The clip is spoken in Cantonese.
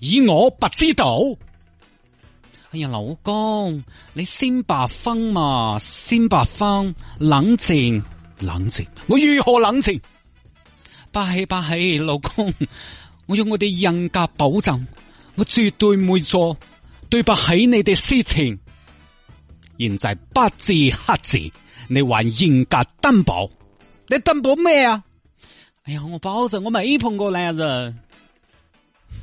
以我不知道，哎呀，老公，你先把分嘛，先把分，冷靜冷靜，我如何冷靜？唔係，唔係老公，我用我哋人格保證，我絕對唔會做對不起你哋事情。現在白紙黑字，你還人格擔保？你擔保咩啊？哎呀，我保證，我沒碰過男人、啊。